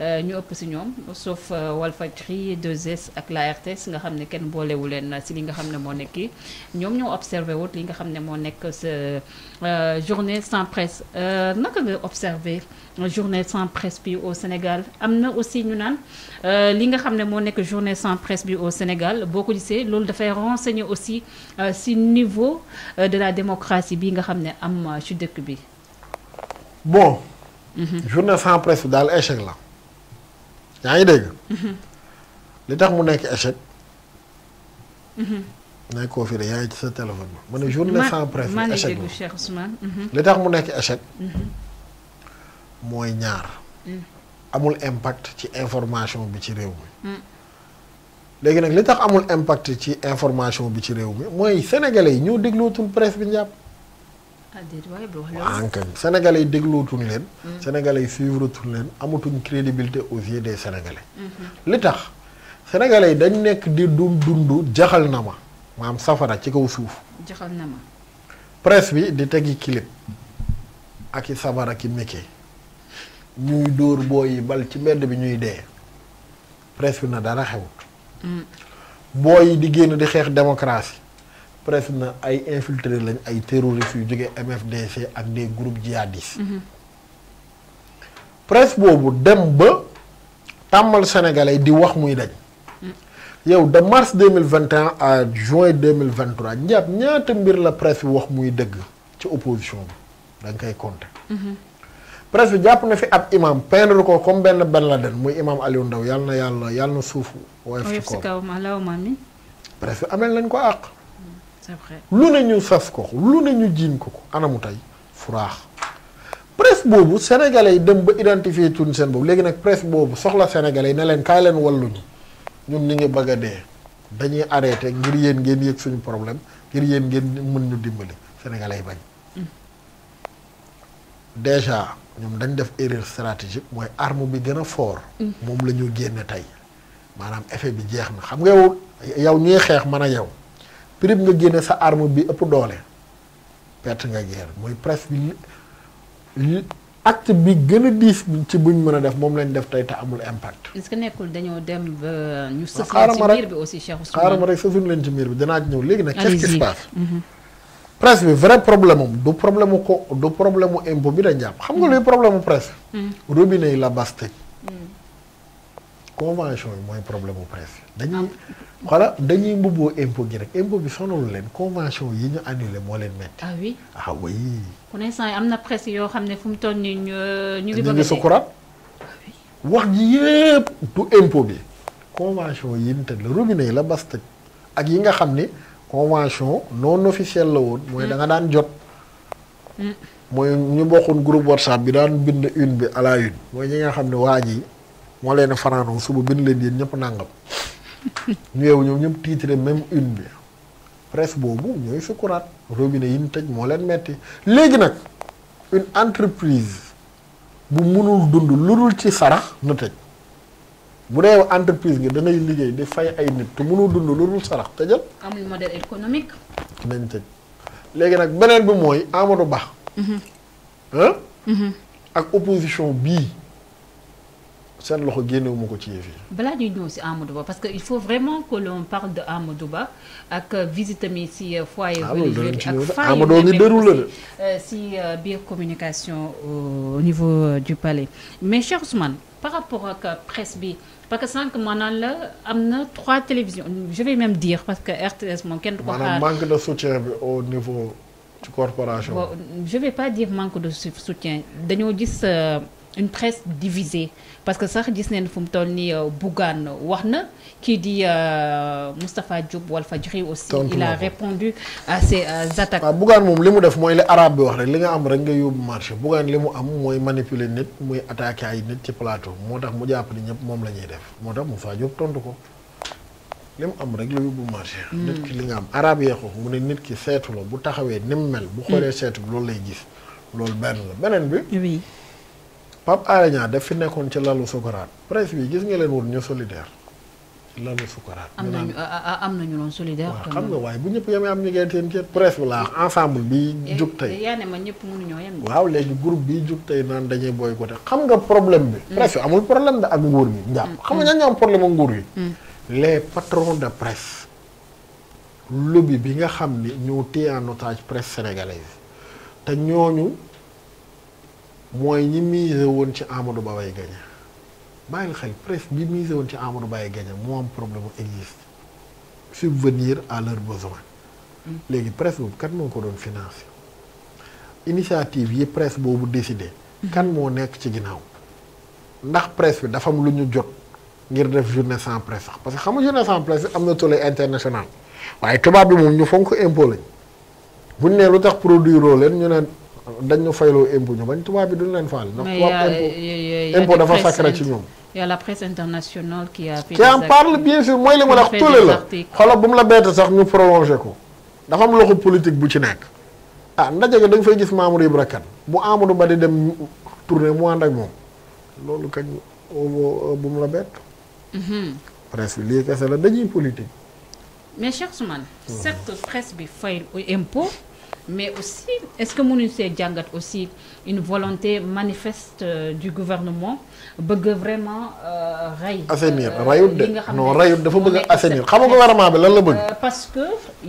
Euh, ñu ëpp si ñoom sauf euh, Walfatri, 2S ak la RTS nga xam ne kenn boolewu leen si li nga xam ne moo nekk kii ñoom ñoo observé wut li nga xam ne nekk sa euh, journée sans presse naka nga observé journée sans presse bi au Sénégal am na aussi ñu naan li nga xam ne nekk journée sans presse bi au Sénégal boo ko gisee loolu dafay renseigner aussi si niveau de la démocratie bi nga xam ne am ci dëkk bi. bon. Mhm. journée sans presse daal échec la. yaa ngi dégg. Mhm. li tax mu nekk échec. nekkoo fi de yaa ngi ci sa téléphone bi. ma ne journée sans préfet maa ngi mhm. li tax mu nekk échec. Mhm. mooy ñaar. Mm. amul impact ci information bi ci réew mi. Mm. léegi nag li tax amul impact ci information bi ci réew mi mooy sénégalais yi ñoo déglootul presse bi njàpp. Ah, anka sénégalais yi déglootuñ leen sénégalais yi suivretuñ leen amatuñ crédibilité aux yeux des sénégalais mm-hmm. li tax sénégalais yi dañ nekk di dund dund jaxal na ma maam safara ci kaw suuf jaxal bi di tegi clip ak i sabar ak i métier ñuy dóor booy yi bal ci mbedd bi ñuy dee presse bi na dara xewut mm. booy yi di génn di xeex démocratie presque na ay infiltré lañ ay terroristes yu jógee MFDC ak des groupes djihadistes. Mhm. presse boobu dem ba tàmmal sénégalais di wax muy dañ. Mhm. yow de mars deux mille vingt et un juin deux mille vingt trois njàpp ñaata mbir la presse bi wax muy dëgg ci opposition bi da nga koy compter. Mhm. presse jàpp na fi ab imam peindre ko comme benn Ben Laden muy imam Aliou Ndao yàlla na yàlla yàlla na suuf. woyof ci kaw woyof ci kaw presse amee lañ ko àq. c'est vrai lu ne ñu sas ko lu ne ñu jiin ko ko anamu tey furaax presse boobu sénégalais yi dem ba identifier tuuti seen boobu léegi nag presse boobu soxla sénégalais yi ne leen kaay leen ñu ñun ni ngi bëgg a dee dañuy arrêté ngir yéen ngeen yëg suñu problème ngir yéen ngeen mën ñu dimbali sénégalais yi bañ. Mm. déjà ñoom dañ def erreur stratégique mooy arme bi gën a foor mm. moom lañu ñu génne tey maanaam effet bi jeex na xam nga yow yow ñuy xeex mën a yow. prime nga génne sa arme bi ëpp doole perte nga guerre mooy bi acte bi gën a diis ci buñ mën a def moom lañ def tey te amul impact. est ce que nekkul dañoo dem ba ñu sës ci miir bi aussi Cheikh Ousmane xaaral ma rek sësuñ leen ci miir bi danaa ñëw léegi nag. qu'est-ce qui se passe. Mhm. presse bi vrai problème am du problème ko du problème mu impôt bi dañ jàpp. xam nga mhm. luy problème presse. Mhm. robinet yi la bas tëj. convention yi mooy problème bu presse dañuy xoola dañuy mbubboo impo gi rek impo bi sonalu leen convention yi ñu annulé moo leen metti ah oui ah oui. kon instant yi am na presse yoo xam ne fu mu toll nii ñu euh, ñu ngi. bëgg ah wax ji yëpp du impo bi convention yi ñu tëdd la robinet yi la bas ak yi nga xam ni convention non officielle la woon. mooy mm. danga daan jot. Mm. mooy ñu bokkoon groupe whatsapp bi daan bind une bi à une. mooy ñi nga xam ne waa ji. moo leen fanaanoo suba bind leen yéen ñëpp nàngam ñu yeewu ñoom ñëpp titre même une bi presque boobu ñooy sukuraat robine yi ñu tëj moo leen metti léegi nag une entreprise bu mënul dund lu dul ci sarax na tëj bu dee entreprise nga danay liggéey di fay ay nit te mënul dund lu dul sarax tëjal. amul modèle économique. nañ tëj léegi nag beneen bi mooy Amadou baax mhm. mhm. ak opposition bii. sen loxo que ma ko ci parce que il faut vraiment que l'on parle de amadouba ak visite mi si euh, foyer ah, religieux ak faa ngi euh, si euh, biir communication au niveau du palais mais cher Ousmane par rapport à presse bi parce que sànq maanaam la am na trois télévisions je vais même dire parce que RTS moom kenn du ko manque de soutien au niveau du corporation. je vais pas dire manque de soutien dañoo gis une presse divisée parce que sax gis neen fu mu toll nii euh, Bougane wax na kii di euh, aussi. il a répondu à ces euh, attaques. waaw Bougane moom li mu def mooy li arabe bi wax rek li nga am rek nga yóbbu marché Bougane li am mooy manipuler nit muy attaquer ay nit ci plateau moo tax mu jàpp ni ñëpp moom la ñuy def moo tax Moustapha Diop tontu ko li mu am rek la yóbbu marché. Hmm. nit ki li nga am arabe yee ko mu ne nit ki seetu la bu taxawee ni mel. bu xoolee hmm. seetu loolu lay gis loolu benn la beneen bi. pap Alé Niang fi nekkon ci lalu sukarat presse bi gis nga len woon ñu solidaire ci lalu sukarat am nañu non solidaire. wax xam nga way bu ñëpp yemee am ñu ngeen seen ci presse la ensemble bi eh, juk tay eh, yaa ma ma mënu ñoo yam waaw legi groupe bi juk tay naan dañay boy ko boycotté xam nga problème bi. Mm. presse amul problème da ak nguur gi. jàpp mm, xam nga mm. ñu am problème ak nguur gi. les patrons de presse. lobby bi nga xamni ni ñoo téye en otage presse sénégalaise te ñoñu mooy ñi misé woon ci Amadou Ba way gañe bàyyil xel presse bi misé woon ci Amadou Ba ay mo am problème existe subvenir à leurs besoins mm. légui presse boobu kan moo ko doon financé initiative yi presse bobu décidé mm-hmm. kan mo nek ci ginaaw ndax presse bi dafa am luñu jot ngir def journée sans presse sax parce que xam nga journée sans presse am na international waye tubaab bi moom ñu fonk impôt lañ buñ né lutax produire produit roo ñu né dañ ñu fayloo impôt ñu bañ tuba bi duñ leen faal. ndax tubaab impo impôt dafa sacré ci ñoom. Il y a la presse internationale qui a. fait qui en parle bien sûr moy li ma la tole la xoolal bu mu la bett sax ñu prolonger ko dafa am loxo politique bu ci nekk ah ndaje gi da fay gis mamour ibrakat bu Amadou Ba di dem tourner mu and ak mom lolu kañ euh, bu mu la hmm presse bi lii kese la dañuy politique. mais cher Soumane. certes presse bi fay impôt mais aussi est-ce que mënuñ see aussi une volonté manifeste euh, du gouvernement bëgg vraiment euh, rey. assainir euh, reyut non reyut dafa bëgg assainir xam nga gouvernement bi lan la parce que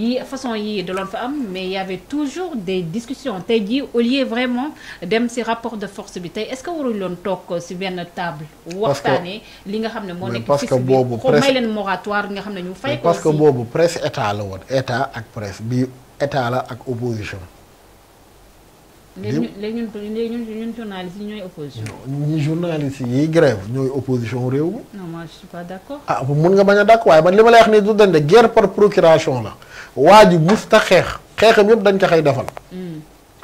yi façon yii de doon fa am mais il y avait toujours des discussions tey dit au lieu vraiment dem ci rapport de force bi est-ce que vous loon toog ci benn table. waxtaanee li nga xam ne moo nekk. parce que boobu presse may leen moratoire nga xam ñu fay parce que boobu presse état la woon état ak presse bi. état la ak opposition. léegi ñun léegi ñun journaliste yi ñooy opposition. ñi journaliste yi grève ñooy opposition réew mi. non moi je suis ah, mun nga bañ a dàkk waaye man li ma lay ax nii du dende guerre par procuration la waa ji musta xeex xeexam yëpp dañ ca xay defal. Hmm.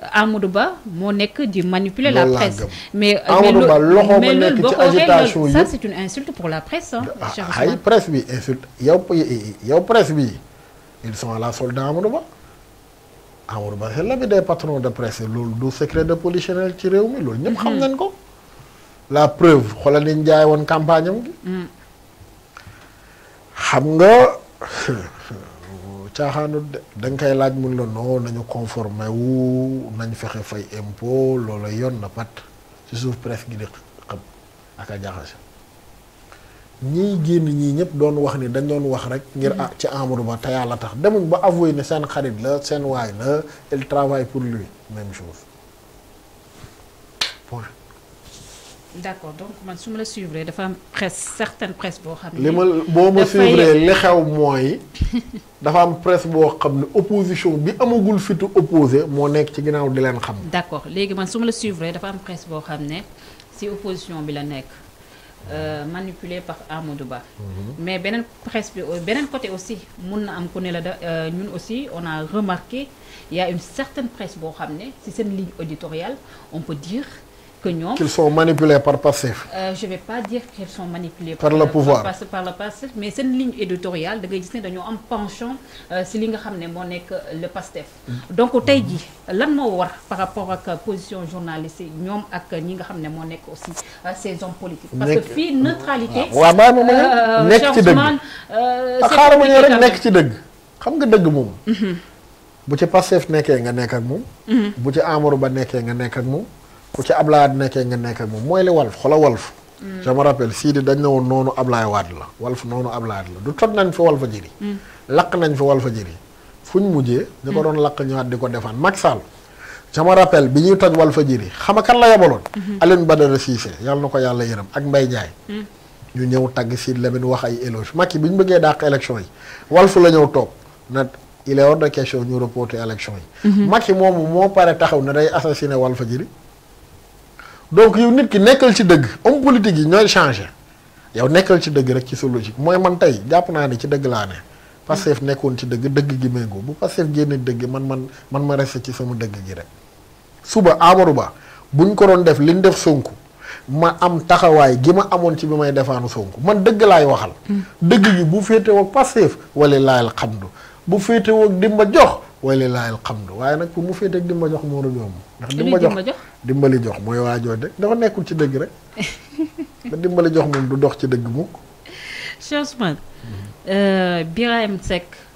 Amadou Ba moo nekk di manipuler la presse mais euh, Amadou Ba loxo ci agitation ça c'est une insulte pour la presse La hein, ah, presse bi insulte yow yow presse bi ils sont à la solde Amadou Ba Amadou Ba c'est l'ami des patrons de presse loolu do secret de polichinelle ci réew mi loolu ñëpp xam mm-hmm. nañ ko la preuve xoolal nañ jaay woon campagne am gi mm. xam nga Nous de da des laaj nañu conformé wu nañ fexé fay impôt yon na pat ci gi ak a jaxase ñi genn doon wax ni dañ doon wax rek ngir mm-hmm. ah, ci Ba avoué ne sen la il travaille pour lui même chose point D'accord, donc man su ma la suivre dafa am presse certaine presse boo xam ne. li ma boo ma suivre li xew mooy dafa am presse boo xam ne opposition bi amagul fitu opposé moo nekk ci ginnaaw di leen xam. d' accord léegi man su ma la suivre dafa am presse boo xam ne si opposition bi la nekk euh, manipulé par Amadou Ba. Mhm. mais beneen presse bi beneen côté aussi mun na am ku ne la euh, ñun aussi on a remarqué il y a une certaine presse boo xam ne si seen ligne éditoriale on peut dire que ñoom. qu'ils sont manipulés par Pastef. Euh, je vais pas dire qu'ils sont manipulés. par, le pouvoir par, par le Pastef mais seen ligne éditoriale da ngay gis ne am penchant euh, si li nga xam ne moo le Pastef. Mm. donc tey jii lan moo war par rapport ak position journaliste yi ñoom ak ñi nga xam ne moo aussi euh, ces hommes politiques. parce que fii neutralité. waaw waaw moom euh, nekk ci dëgg xaaral ma ñëw rek nekk ci dëgg. xam nga dëgg moom. Mhm. bu ci Pastef nekkee nga nekk ak moom. Mhm. bu ci Amadou Ba nekkee nga nekk ak moom. ku ci Ablaye Wade nekkee nga nekk ak moom mooy li Walf xoolal Walf. Mm. je me rappelle Sidi dañ ne woon noonu Ablaye Wade la Walf noonu Ablaye Wade la du toj nañ fi Walfadjri. Mm. lakk nañ fi Walfadjri fuñ mujjee. ñu ko mm. doon lakk ñëwaat di ko defaan Macky Sall. je me rappelle bi ñuy toj Walfadjri xam kan la yebaloon. Mm-hmm. Alioune Badara Cissé yàlla na ko yàlla yërëm ak Mbaye Ndiaye. ñu ñëw tagg si Lamine wax ay éloge Macky bi ñu bëggee dàq élection yi Walf la ñëw toog na il est hors de question ñu reporter élection yi. Mm-hmm. Macky moomu moo pare donc yow nit ki nekkal ci dëgg homme politique yi ñooy changé yow nekkal ci dëgg rek ci sa logique mooy man tey jàpp naa ne ci dëgg laa ne Pastef nekkoon ci dëgg dëgg gi méngoo bu Pastef génne dëgg man man man ma resté ci sama dëgg gi rek suba Amadou Ba buñ ko doon def li nu def sunk ma am taxawaay gi ma amoon ci bi may defaanu Sonko man dëgg laay waxal hmm. dëgg gi bu féete ak Pastef wala laayal xamdu bu féetewoo ak dimba jox wala laa alhamdu waaye nag pour mu féete ak dimba jox moo doon ndax dimba jox dimbali jox mooy waa jooju rek dafa nekkul ci dëgg rek ba dimbali jox moom du dox ci dëgg mukk Cheikh Ousmane euh, Birahim Seck